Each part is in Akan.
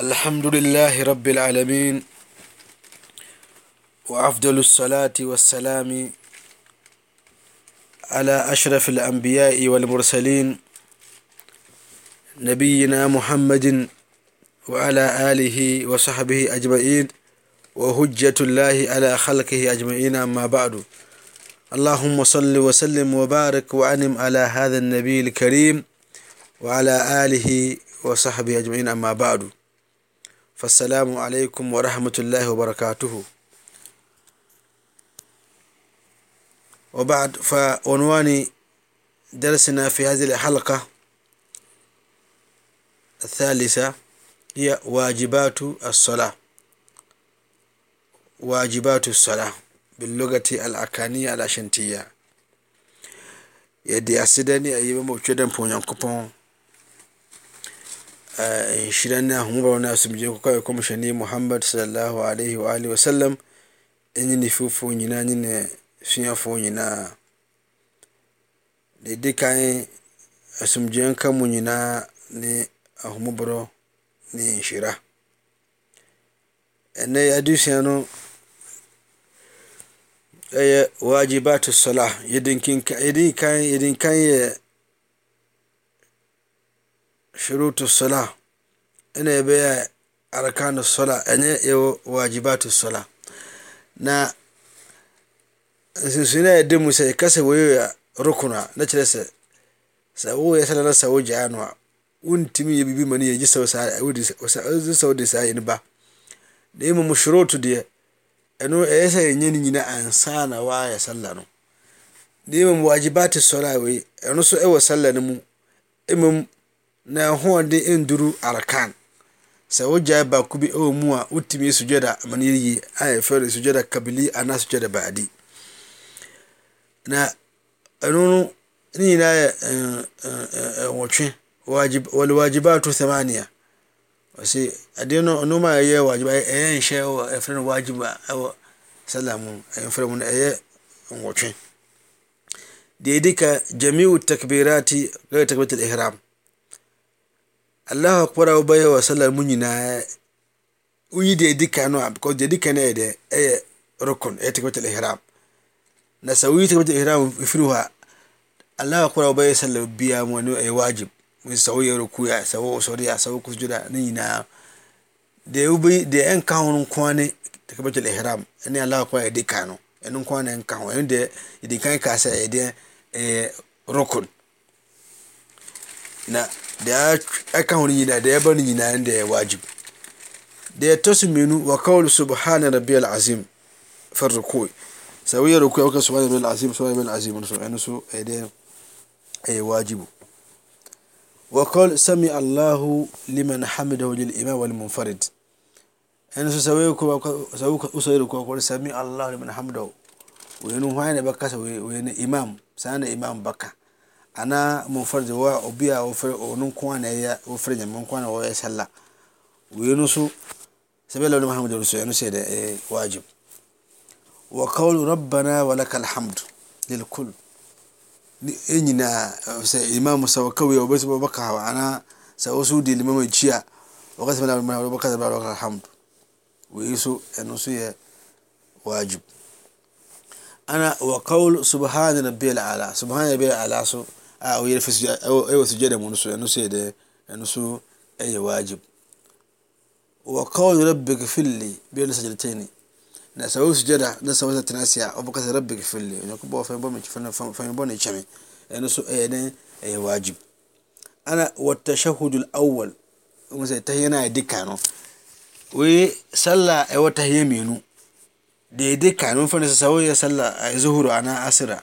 الحمد لله رب العالمين وأفضل الصلاة والسلام على أشرف الأنبياء والمرسلين نبينا محمد وعلى آله وصحبه أجمعين وهجة الله على خلقه أجمعين أما بعد اللهم صل وسلم وبارك وأنم على هذا النبي الكريم وعلى آله وصحبه أجمعين أما بعد فالسلام عليكم ورحمة الله وبركاته وبعد فعنوان درسنا في هذه الحلقة الثالثة هي واجبات الصلاة واجبات الصلاة باللغة الأكانية الأشنتية يدي أسدني أيبا موجودا بونيان Eh, shirana humubawona sumjeko kawai komishani muhammad sallallahu alaihi wa alihi wasallam enyini fufu nyina nyine suafo nyinaa dede kan asumdwoeɛ nka mu nyinaa ne ahomuborɔ ne nhyira ɛnɛ adesua no ɛyɛ wajibat sola yɛdenkan yadda shurutu sola yi be arkanu sola ene yo wajibatu sola na nsinsuni a yɛde mu sɛ kasa sɛ ya rukuna na kyerɛ sɛ sɛ woyɛ sɛ nana sɛ wogyaa ano a wontumi yɛ biribi ma no yɛgye sɛ wode sɛ wode saa yɛne ba mu mmom hyoroto deɛ ya yasa sɛ yɛnyɛ yin nyina ansa na ya salla no na mmom wagyibate wajibatu sola wai ɛno so ɛwɔ salla no mu mmom hode d arkan sɛ wojabakobi mua wotimisuguda me suuda kable nasuguda badieyina wagibato hamania mayh wagibsayɛ wte dea jamil tacbirat gatacbirat ihram allah akparabawasallam muyina yi de dikanuaediaaa aakak a na da aka hun yina da ya bar yina inda ya wajib da ya tasu minu wa kawul subhana rabbiyal azim far rukui sawiyar rukui aka subhana rabbiyal azim subhana rabbiyal azim so an so ai da ai wajibu wa kawul sami allahu liman hamidahu lil imam wal munfarid an so sawaye ko sawu ka usayir ko ko sami allahu liman hamidahu wani hwana baka sawaye imam sana imam baka ana mfadknrlas a aban walaka lhamd kaals sa sila أو سجدة ونسو نسيدة نسو أي واجب وقول ربك فلي بين سجدتين نسوي سجدة نسوي تناسيا وبقى ربك في فلي نكبوا فين بومي فين بومي شمي نسو أي أي واجب أنا والتشهد الأول مثلا تهينا دكانو وصلى أو تهيمينو دي دكانو فنسوي صلى زهور أنا أسرع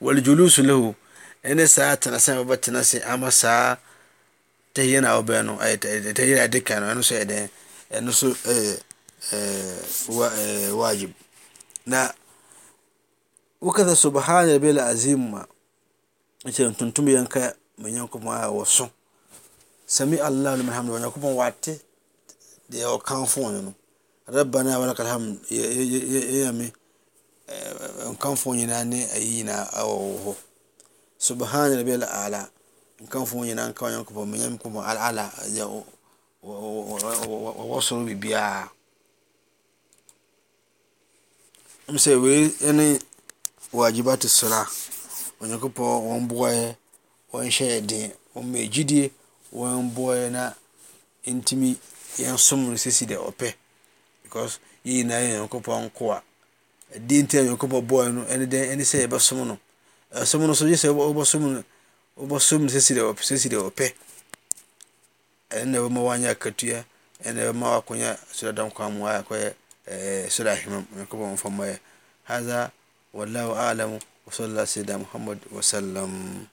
waljuluse laho nɛ saa tãna sɛbbatinase ama saa taanawdikɛwkaasubhanaabi lzmma ke tumtʋɛya ka manyaɛkɔpʋa wa sɔ sami lla wladnyakɔpʋwatɩ dewʋ ka fʋan rabana walakalyaɛ kanfo a yina awuhuhu subhana rabbil ala kanfo nyina nka onyankopɔ menyam ko mo ala ala ya wɔ soro bibiaa m sɛ wei ne wajibat sora onyankopɔ wɔn boɔɛ wɔn hyɛ den wɔn mɛ gyidie wɔn boɔɛ na ntumi yɛn som no sisi deɛ ɔpɛ because yɛ dinti a bɔ bɔɛ no ɛne den ɛne sɛ yɛbɛsom no ɛsom no so gye sɛ wobɛsom no wobɛsom no sɛsi deɛ wɔpɛ ɛne bɛma woanyɛ akatua ɛne bɛma woakɔnya sodadam kwan mu akɔyɛ soda ahemam nyankopɔn mfa mmɔyɛ hadha wallahu alam وصلى سيدنا محمد وسلم